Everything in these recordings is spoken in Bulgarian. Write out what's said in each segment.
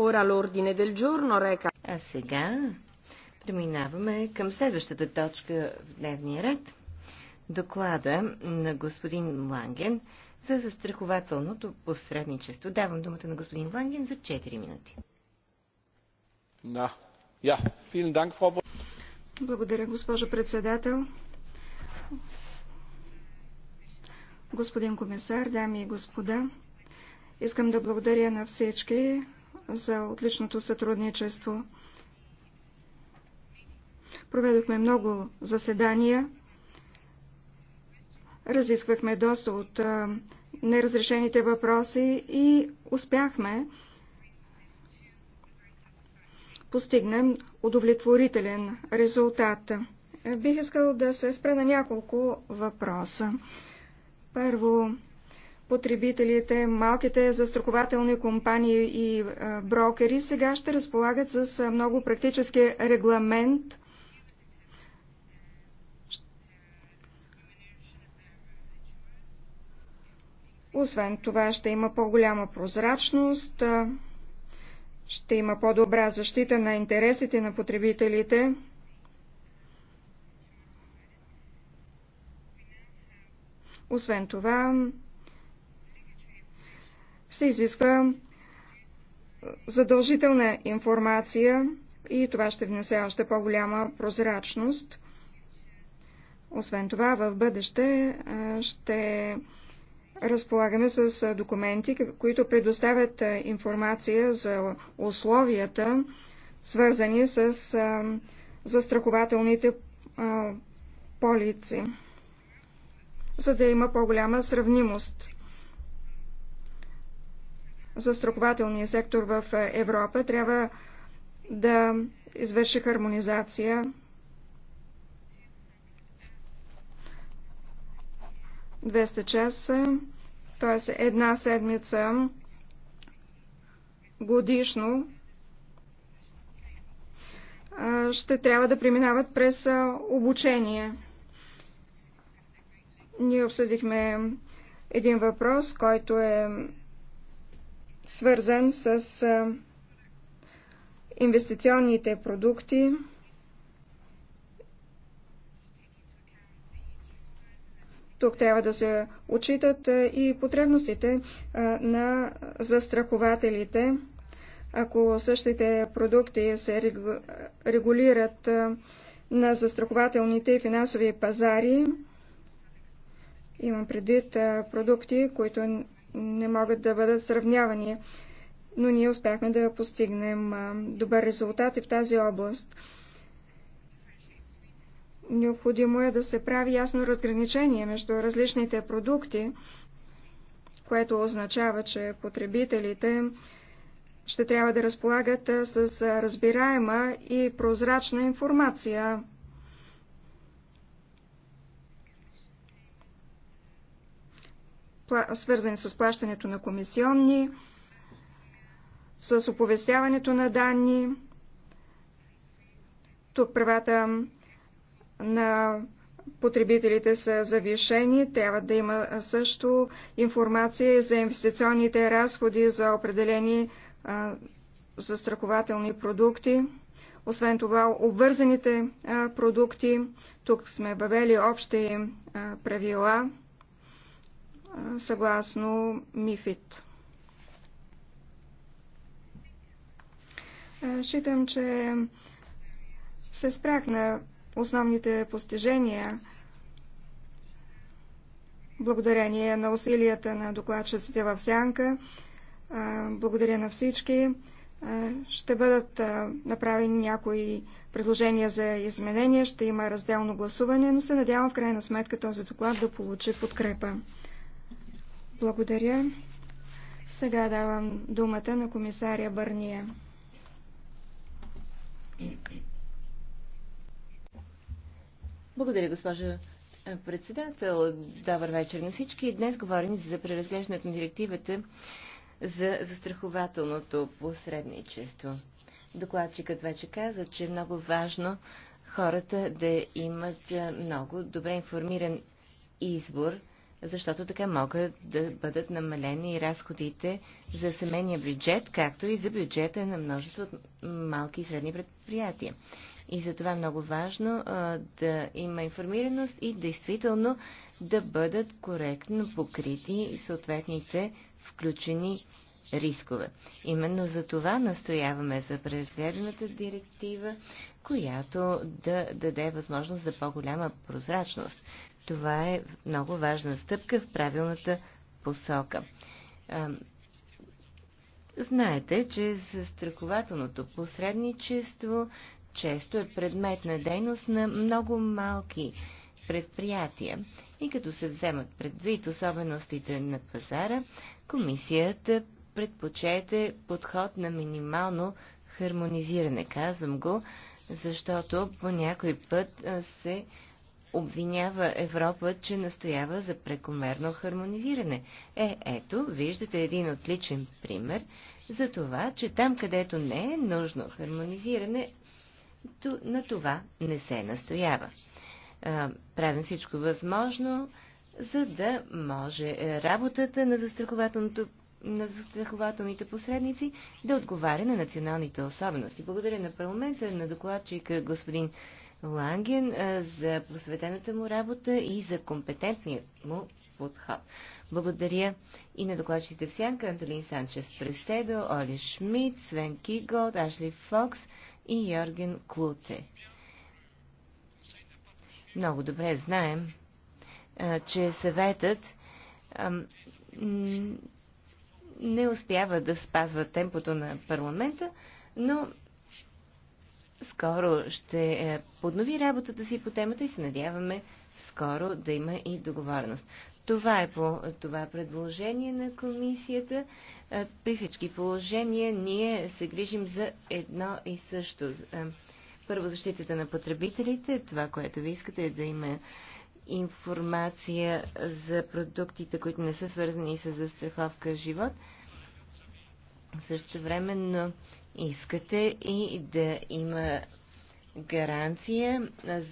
Ora l'ordine del giorno reca. А сега преминаваме към следващата точка в дневния ред. Доклада на господин Ланген за застрахователното посредничество. Давам думата на господин Ланген за 4 минути. Да. Я, yeah. Dank, Frau... Благодаря, госпожо председател. Господин комисар, дами и господа, искам да благодаря на всички за отличното сътрудничество. Проведохме много заседания, разисквахме доста от неразрешените въпроси и успяхме постигнем удовлетворителен резултат. Бих искал да се спра на няколко въпроса. Първо, потребителите, малките застрахователни компании и е, брокери сега ще разполагат с е, много практически регламент, Освен това ще има по-голяма прозрачност, е, ще има по-добра защита на интересите на потребителите. Освен това, се изисква задължителна информация и това ще внесе още по-голяма прозрачност. Освен това, в бъдеще ще разполагаме с документи, които предоставят информация за условията, свързани с застрахователните полици, за да има по-голяма сравнимост за строкователния сектор в Европа. Трябва да извърши хармонизация. Двеста часа, т.е. една седмица годишно ще трябва да преминават през обучение. Ние обсъдихме един въпрос, който е свързан с инвестиционните продукти, Тук трябва да се отчитат и потребностите на застрахователите. Ако същите продукти се регулират на застрахователните и финансови пазари, имам предвид продукти, които не могат да бъдат сравнявани, но ние успяхме да постигнем добър резултат и в тази област. Необходимо е да се прави ясно разграничение между различните продукти, което означава, че потребителите ще трябва да разполагат с разбираема и прозрачна информация свързани с плащането на комисионни, с оповестяването на данни. Тук правата на потребителите са завишени. Трябва да има също информация за инвестиционните разходи за определени а, застрахователни продукти. Освен това, обвързаните а, продукти. Тук сме въвели общи а, правила съгласно МИФИТ. Считам, че се спрях на основните постижения благодарение на усилията на докладчиците в Сянка. Благодаря на всички. Ще бъдат направени някои предложения за изменения, ще има разделно гласуване, но се надявам в крайна сметка този доклад да получи подкрепа. Благодаря. Сега давам думата на комисаря Бърния. Благодаря, госпожа председател. Добър вечер на всички. Днес говорим за преразглеждането на директивата за застрахователното посредничество. Докладчикът вече каза, че е много важно хората да имат много добре информиран избор защото така могат да бъдат намалени разходите за семейния бюджет, както и за бюджета на множество от малки и средни предприятия. И за това е много важно а, да има информираност и действително да бъдат коректно покрити съответните включени рискове. Именно за това настояваме за преразгледаната директива, която да даде възможност за по-голяма прозрачност. Това е много важна стъпка в правилната посока. Знаете, че застрахователното посредничество често е предмет на дейност на много малки предприятия и като се вземат предвид особеностите на пазара, комисията предпочете подход на минимално хармонизиране. Казвам го, защото по някой път се обвинява Европа, че настоява за прекомерно хармонизиране. Е, ето, виждате един отличен пример за това, че там, където не е нужно хармонизиране, то, на това не се настоява. А, правим всичко възможно, за да може работата на застрахователното на застрахователните посредници да отговаря на националните особености. Благодаря на парламента, на докладчика господин Ланген за просветената му работа и за компетентния му подход. Благодаря и на докладчите в сянка Антолин Санчес Преседо, Оли Шмидт, Свен Киголд, Ашли Фокс и Йорген Клуте. Много добре знаем, че съветът не успява да спазва темпото на парламента, но скоро ще е, поднови работата си по темата и се надяваме скоро да има и договореност. Това е по това предложение на комисията. Е, при всички положения ние се грижим за едно и също. Е, първо защитата на потребителите. Това, което ви искате е да има информация за продуктите, които не са свързани с застраховка живот. Също времено искате и да има гаранция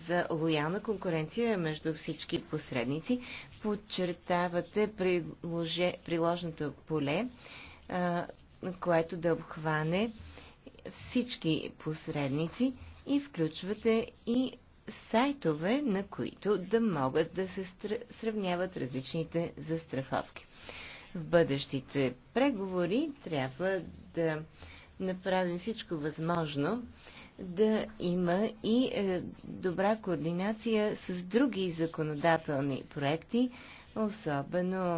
за лоялна конкуренция между всички посредници. Подчертавате приложе, приложното поле, а, което да обхване всички посредници и включвате и сайтове, на които да могат да се сравняват различните застраховки. В бъдещите преговори трябва да направим всичко възможно да има и е, добра координация с други законодателни проекти, особено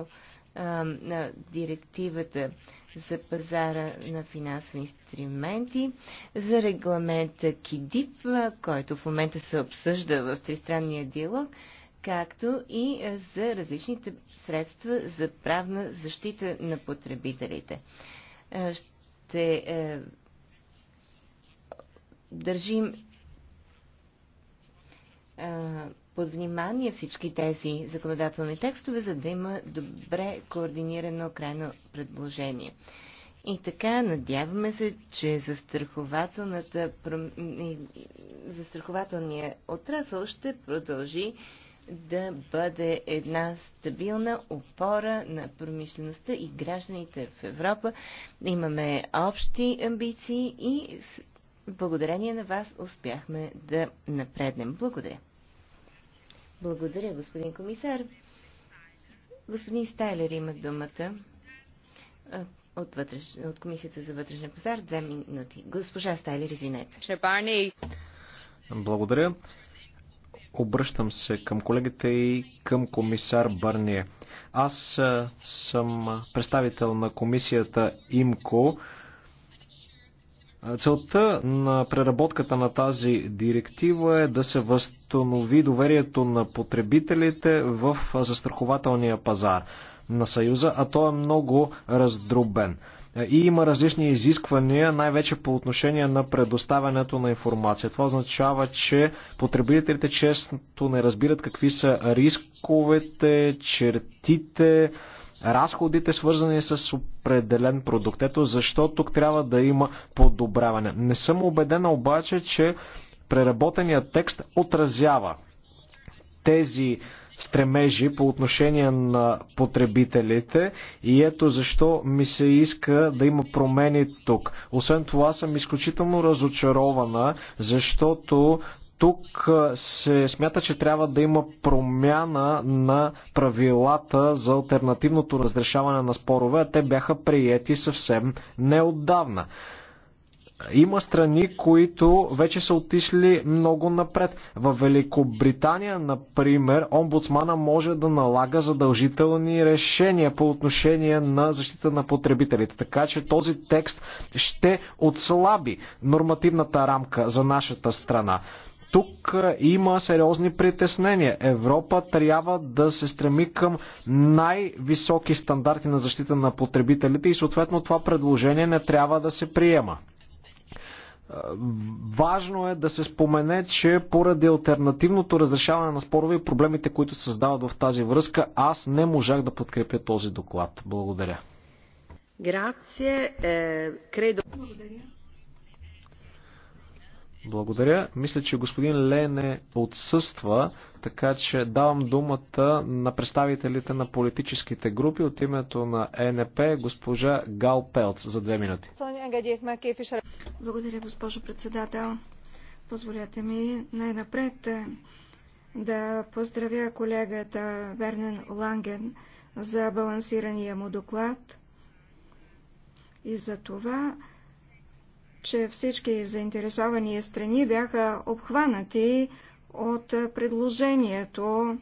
е, на директивата за пазара на финансови инструменти, за регламента КИДИП, е, който в момента се обсъжда в тристранния диалог, както и за различните средства за правна защита на потребителите. Ще ще е, държим е, под внимание всички тези законодателни текстове, за да има добре координирано крайно предложение. И така, надяваме се, че застрахователната, застрахователният отрасъл ще продължи да бъде една стабилна опора на промишлеността и гражданите в Европа. Имаме общи амбиции и благодарение на вас успяхме да напреднем. Благодаря. Благодаря, господин комисар. Господин Стайлер има думата от, вътреш... от Комисията за вътрешен пазар. Две минути. Госпожа Стайлер, извинете. Благодаря. Обръщам се към колегите и към комисар Бърния. Аз съм представител на комисията ИМКО. Целта на преработката на тази директива е да се възстанови доверието на потребителите в застрахователния пазар на Съюза, а то е много раздробен. Е, и има различни изисквания, най-вече по отношение на предоставянето на информация. Това означава, че потребителите често не разбират какви са рисковете, чертите, разходите, свързани с определен продукт. Ето защо тук трябва да има подобряване. Не съм убедена обаче, че преработеният текст отразява тези стремежи по отношение на потребителите и ето защо ми се иска да има промени тук. Освен това съм изключително разочарована, защото тук се смята, че трябва да има промяна на правилата за альтернативното разрешаване на спорове, а те бяха приети съвсем неотдавна. Има страни, които вече са отишли много напред. В Великобритания, например, омбудсмана може да налага задължителни решения по отношение на защита на потребителите. Така че този текст ще отслаби нормативната рамка за нашата страна. Тук е, има сериозни притеснения. Европа трябва да се стреми към най-високи стандарти на защита на потребителите и съответно това предложение не трябва да се приема. Важно е да се спомене, че поради альтернативното разрешаване на спорове и проблемите, които се създават в тази връзка, аз не можах да подкрепя този доклад. Благодаря. Грация, е, кредо. Благодаря. Благодаря. Мисля, че господин Лене отсъства, така че давам думата на представителите на политическите групи от името на ЕНП, госпожа Гал Пелц, за две минути. Благодаря, госпожо председател. Позволете ми най-напред е, да поздравя колегата Вернен Ланген за балансирания му доклад и за това, че всички заинтересовани страни бяха обхванати от предложението.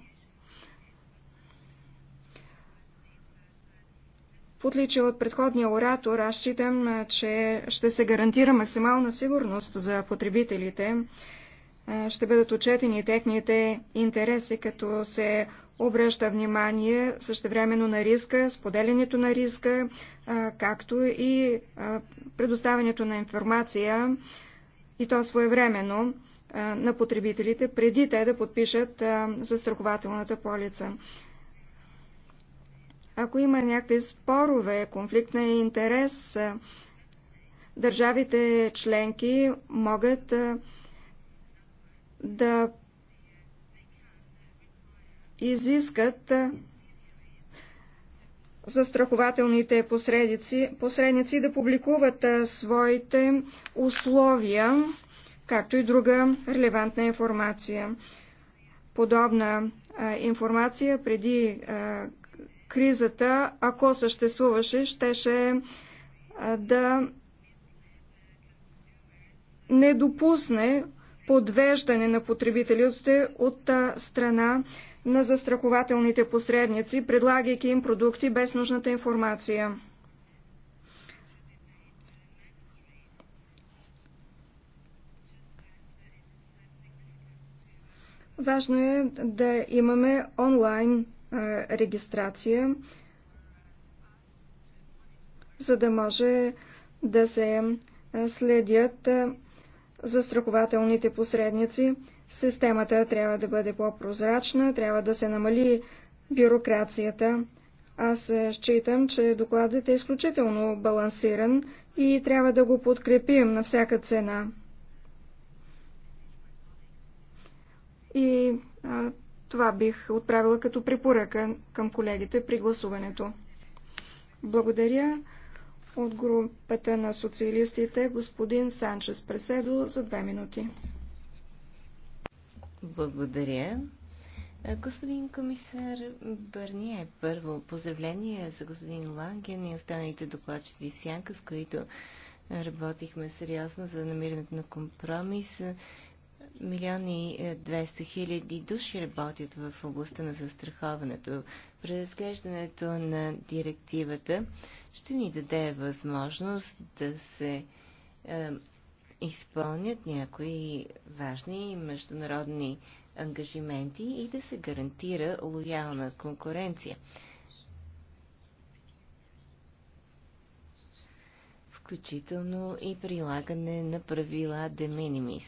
В отличие от предходния оратор, аз считам, че ще се гарантира максимална сигурност за потребителите. Ще бъдат отчетени техните интереси, като се обръща внимание същевременно на риска, споделянето на риска, както и предоставянето на информация и то своевременно на потребителите, преди те да подпишат застрахователната полица. Ако има някакви спорове, конфликт на интерес, държавите членки могат да изискат застрахователните посредници, посредници да публикуват своите условия, както и друга релевантна информация. Подобна информация преди кризата, ако съществуваше, щеше да не допусне подвеждане на потребителите от страна на застрахователните посредници, предлагайки им продукти без нужната информация. Важно е да имаме онлайн регистрация, за да може да се следят за страхователните посредници. Системата трябва да бъде по-прозрачна, трябва да се намали бюрокрацията. Аз считам, че докладът е изключително балансиран и трябва да го подкрепим на всяка цена. И а, това бих отправила като препоръка към колегите при гласуването. Благодаря. От групата на социалистите господин Санчес Преседо за две минути. Благодаря. Господин комисар Бърние, първо поздравление за господин Ланген и останалите докладчици в Сянка, с които работихме сериозно за намирането на компромис. Милиони 200 хиляди души работят в областта на застраховането. Преразглеждането на директивата ще ни даде възможност да се е, изпълнят някои важни международни ангажименти и да се гарантира лоялна конкуренция. Включително и прилагане на правила de minimis.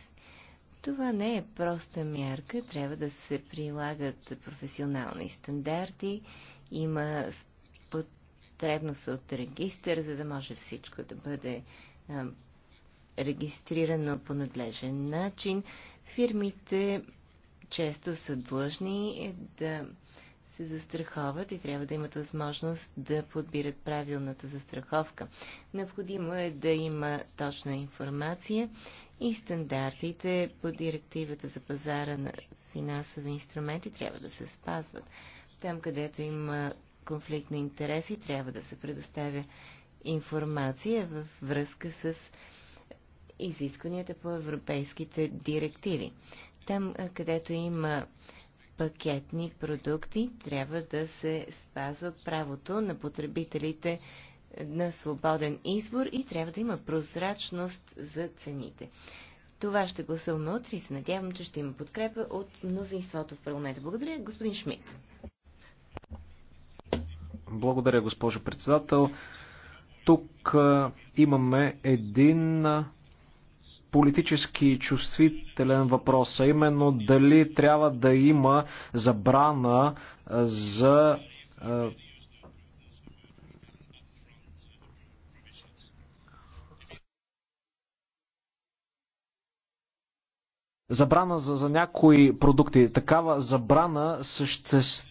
Това не е проста мярка, трябва да се прилагат професионални стандарти, има потребност от регистър, за да може всичко да бъде а, регистрирано по надлежен начин. Фирмите често са длъжни да се застраховат и трябва да имат възможност да подбират правилната застраховка. Необходимо е да има точна информация и стандартите по директивата за пазара на финансови инструменти трябва да се спазват. Там, където има конфликт на интереси трябва да се предоставя информация във връзка с изискванията по европейските директиви. Там, където има пакетни продукти, трябва да се спазва правото на потребителите на свободен избор и трябва да има прозрачност за цените. Това ще гласуваме утре и се надявам, че ще има подкрепа от мнозинството в парламента. Благодаря, господин Шмидт. Благодаря, госпожо председател. Тук имаме един политически чувствителен въпрос, а именно дали трябва да има забрана за забрана за, за някои продукти. Такава забрана съществува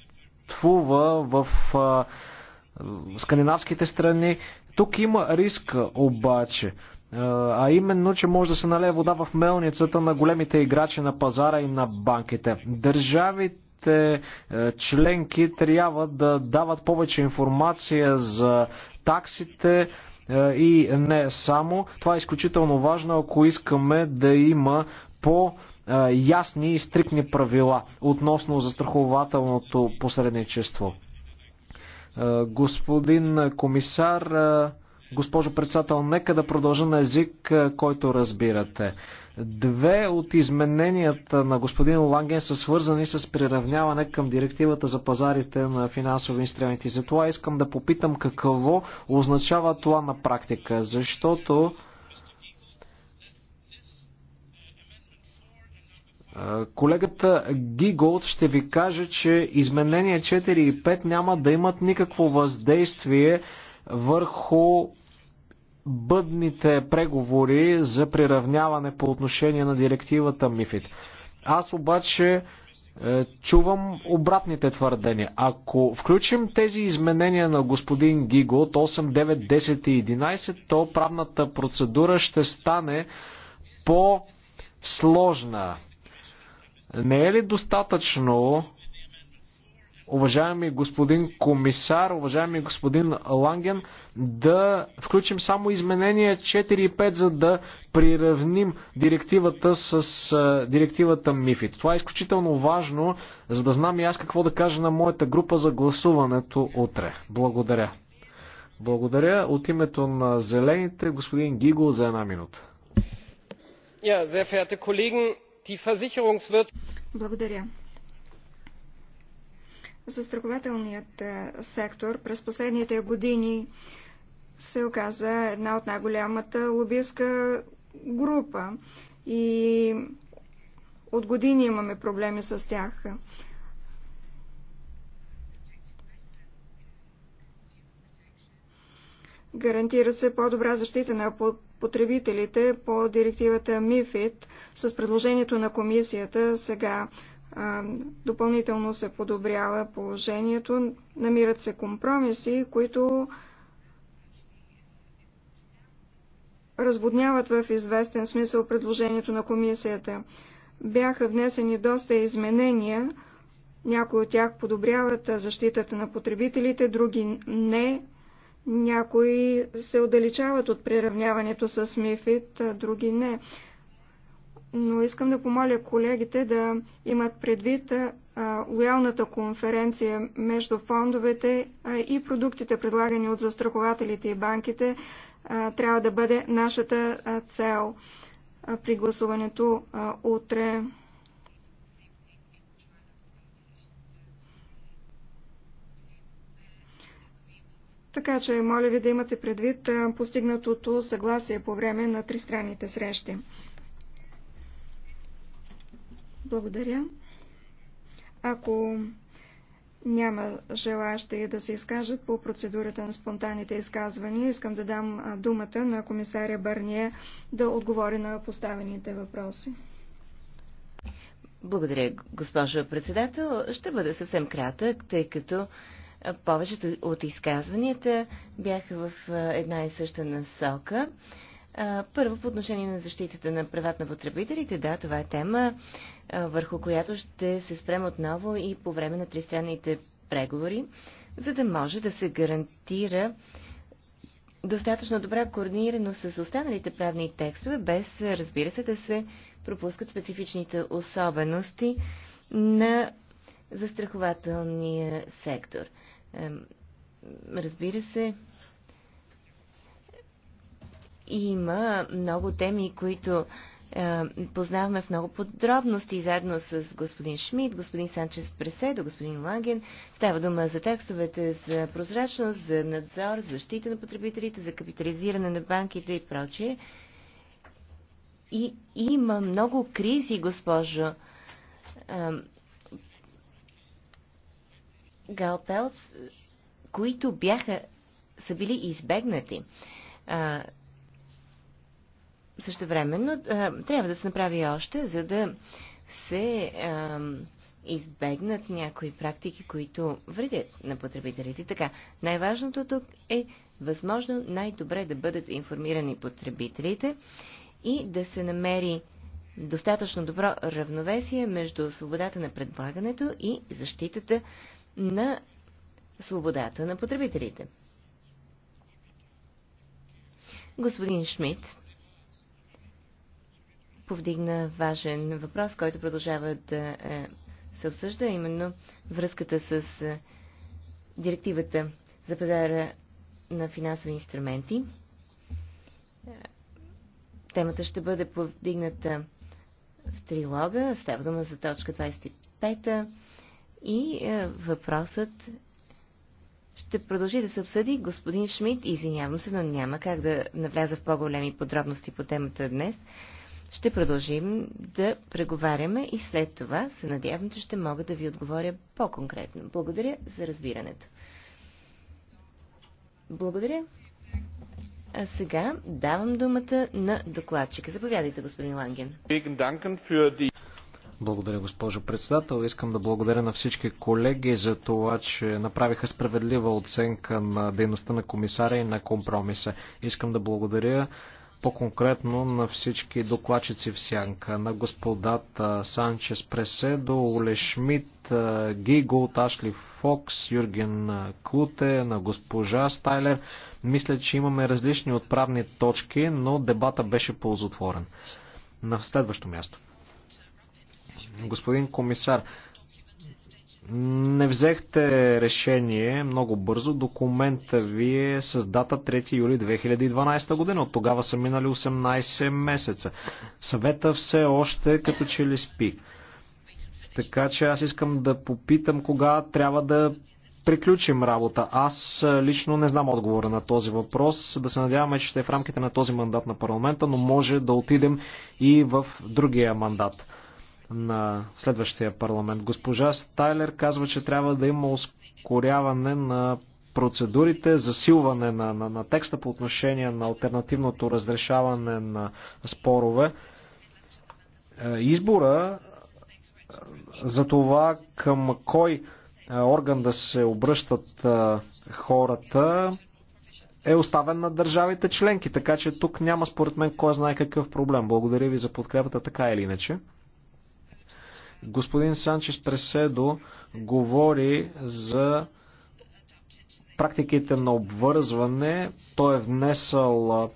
съществува в скандинавските страни. Тук има риск обаче, а именно, че може да се налее вода в мелницата на големите играчи на пазара и на банките. Държавите членки трябва да дават повече информация за таксите и не само. Това е изключително важно, ако искаме да има по- е, ясни и стрикни правила относно застрахователното посредничество. Е, господин комисар, е, госпожо председател, нека да продължа на език, който разбирате. Две от измененията на господин Ланген са свързани с приравняване към директивата за пазарите на финансови инструменти. Затова искам да попитам какво означава това на практика, защото Колегата Гиголд ще ви каже, че изменения 4 и 5 няма да имат никакво въздействие върху бъдните преговори за приравняване по отношение на директивата МИФИД. Аз обаче е, чувам обратните твърдения. Ако включим тези изменения на господин Гиго от 8, 9, 10 и 11, то правната процедура ще стане по сложна. Не е ли достатъчно, уважаеми господин комисар, уважаеми господин Ланген, да включим само изменения 4 и 5, за да приравним директивата с директивата МИФИД? Това е изключително важно, за да знам и аз какво да кажа на моята група за гласуването утре. Благодаря. Благодаря. От името на зелените, господин Гиго, за една минута. Ja, sehr verehrte Kollegen, благодаря. Застрахователният е, сектор през последните години се оказа една от най-голямата лобистка група и от години имаме проблеми с тях. Гарантира се по-добра защита на потребителите по директивата МИФИД. С предложението на комисията сега а, допълнително се подобрява положението. Намират се компромиси, които разводняват в известен смисъл предложението на комисията. Бяха внесени доста изменения, някои от тях подобряват защитата на потребителите, други не. Някои се отдалечават от приравняването с Мифит, други не. Но искам да помоля колегите да имат предвид лоялната конференция между фондовете и продуктите, предлагани от застрахователите и банките, трябва да бъде нашата цел при гласуването утре. Така че, моля ви да имате предвид постигнатото съгласие по време на тристранните срещи. Благодаря. Ако няма желащи да се изкажат по процедурата на спонтанните изказвания, искам да дам думата на комисаря Барния да отговори на поставените въпроси. Благодаря, госпожо председател. Ще бъда съвсем кратък, тъй като повечето от изказванията бяха в една и съща насока. Първо, по отношение на защитата на правата на потребителите, да, това е тема, върху която ще се спрем отново и по време на тристранните преговори, за да може да се гарантира достатъчно добра координирано с останалите правни текстове, без, разбира се, да се пропускат специфичните особености на застрахователния сектор. Разбира се, има много теми, които познаваме в много подробности, заедно с господин Шмидт, господин Санчес Преседо, господин Лаген. Става дума за текстовете за прозрачност, за надзор, защита на потребителите, за капитализиране на банките и прочее. И има много кризи, госпожо Галпелс, които бяха, са били избегнати. А, същевременно а, трябва да се направи още, за да се а, избегнат някои практики, които вредят на потребителите. Така, най-важното тук е възможно най-добре да бъдат информирани потребителите и да се намери достатъчно добро равновесие между свободата на предлагането и защитата на свободата на потребителите. Господин Шмидт повдигна важен въпрос, който продължава да е, се обсъжда, именно връзката с е, директивата за пазара на финансови инструменти. Е, темата ще бъде повдигната в трилога. Става дума за точка 25 и е, въпросът ще продължи да се обсъди. Господин Шмидт, извинявам се, но няма как да навляза в по-големи подробности по темата днес. Ще продължим да преговаряме и след това се надявам, че ще мога да ви отговоря по-конкретно. Благодаря за разбирането. Благодаря. А сега давам думата на докладчика. Заповядайте, господин Ланген. Благодаря, госпожо председател. Искам да благодаря на всички колеги за това, че направиха справедлива оценка на дейността на комисаря и на компромиса. Искам да благодаря по-конкретно на всички докладчици в сянка, на господата Санчес Преседо, Оле Шмидт, Гигол, Ташли Фокс, Юрген Клуте, на госпожа Стайлер. Мисля, че имаме различни отправни точки, но дебата беше ползотворен. На следващо място. Господин комисар, не взехте решение много бързо. Документа ви е с дата 3 юли 2012 година. От тогава са минали 18 месеца. Съвета все още като че ли спи. Така че аз искам да попитам кога трябва да приключим работа. Аз лично не знам отговора на този въпрос. Да се надяваме, че ще е в рамките на този мандат на парламента, но може да отидем и в другия мандат на следващия парламент. Госпожа Стайлер казва, че трябва да има ускоряване на процедурите, засилване на, на, на текста по отношение на альтернативното разрешаване на спорове. Е, избора е, за това към кой е, орган да се обръщат хората е оставен на държавите членки, така че тук няма според мен кой знае какъв проблем. Благодаря ви за подкрепата така или иначе. Господин Санчес Преседо говори за практиките на обвързване. Той е внесъл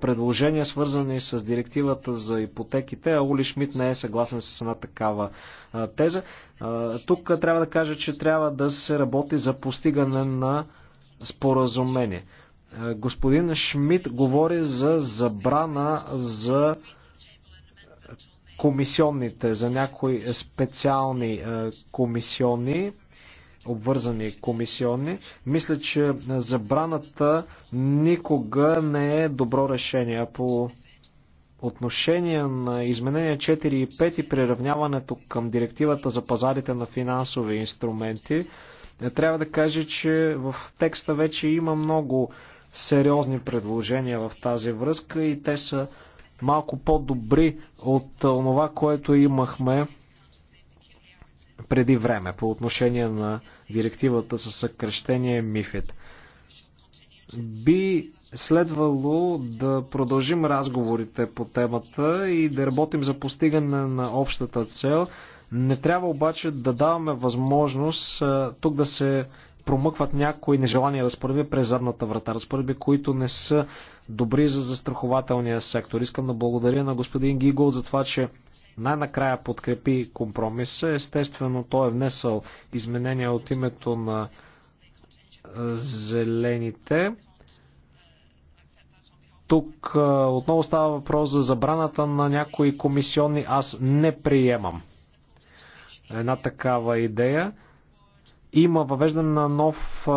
предложения, свързани с директивата за ипотеките, а Ули Шмидт не е съгласен с една такава теза. Тук трябва да кажа, че трябва да се работи за постигане на споразумение. Господин Шмидт говори за забрана за комисионните, за някои специални е, комисионни, обвързани комисионни. Мисля, че забраната никога не е добро решение. По отношение на изменения 4 и 5 и приравняването към директивата за пазарите на финансови инструменти, е, трябва да кажа, че в текста вече има много сериозни предложения в тази връзка и те са малко по-добри от това, което имахме преди време по отношение на директивата със съкрещение МИФИД. Би следвало да продължим разговорите по темата и да работим за постигане на общата цел. Не трябва обаче да даваме възможност тук да се промъкват някои нежелания разпоредби през задната врата, разпоредби, които не са добри за застрахователния сектор. Искам да благодаря на господин Гигол за това, че най-накрая подкрепи компромиса. Естествено, той е внесъл изменения от името на зелените. Тук отново става въпрос за забраната на някои комисионни. Аз не приемам една такава идея. Има въвеждане на нов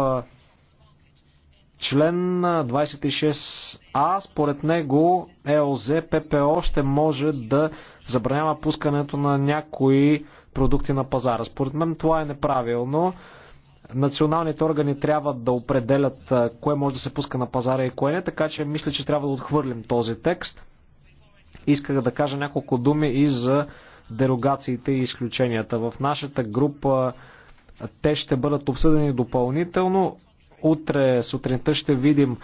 член 26а. Според него ЕОЗ, ППО ще може да забранява пускането на някои продукти на пазара. Според мен това е неправилно националните органи трябва да определят кое може да се пуска на пазара и кое не, така че мисля, че трябва да отхвърлим този текст. Исках да кажа няколко думи и за дерогациите и изключенията. В нашата група те ще бъдат обсъдени допълнително. Утре сутринта ще видим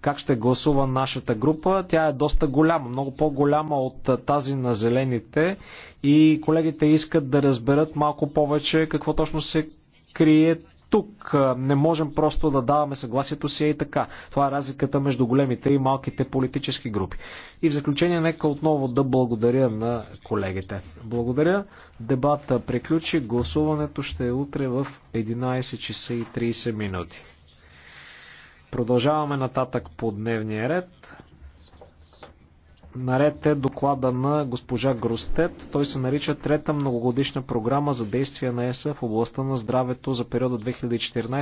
как ще гласува нашата група. Тя е доста голяма, много по-голяма от тази на зелените и колегите искат да разберат малко повече какво точно се крие тук не можем просто да даваме съгласието си и така. Това е разликата между големите и малките политически групи. И в заключение нека отново да благодаря на колегите. Благодаря. Дебата приключи. Гласуването ще е утре в 11 часа и 30 минути. Продължаваме нататък по дневния ред. Наред е доклада на госпожа Гростет. Той се нарича Трета многогодишна програма за действие на ЕСА в областта на здравето за периода 2014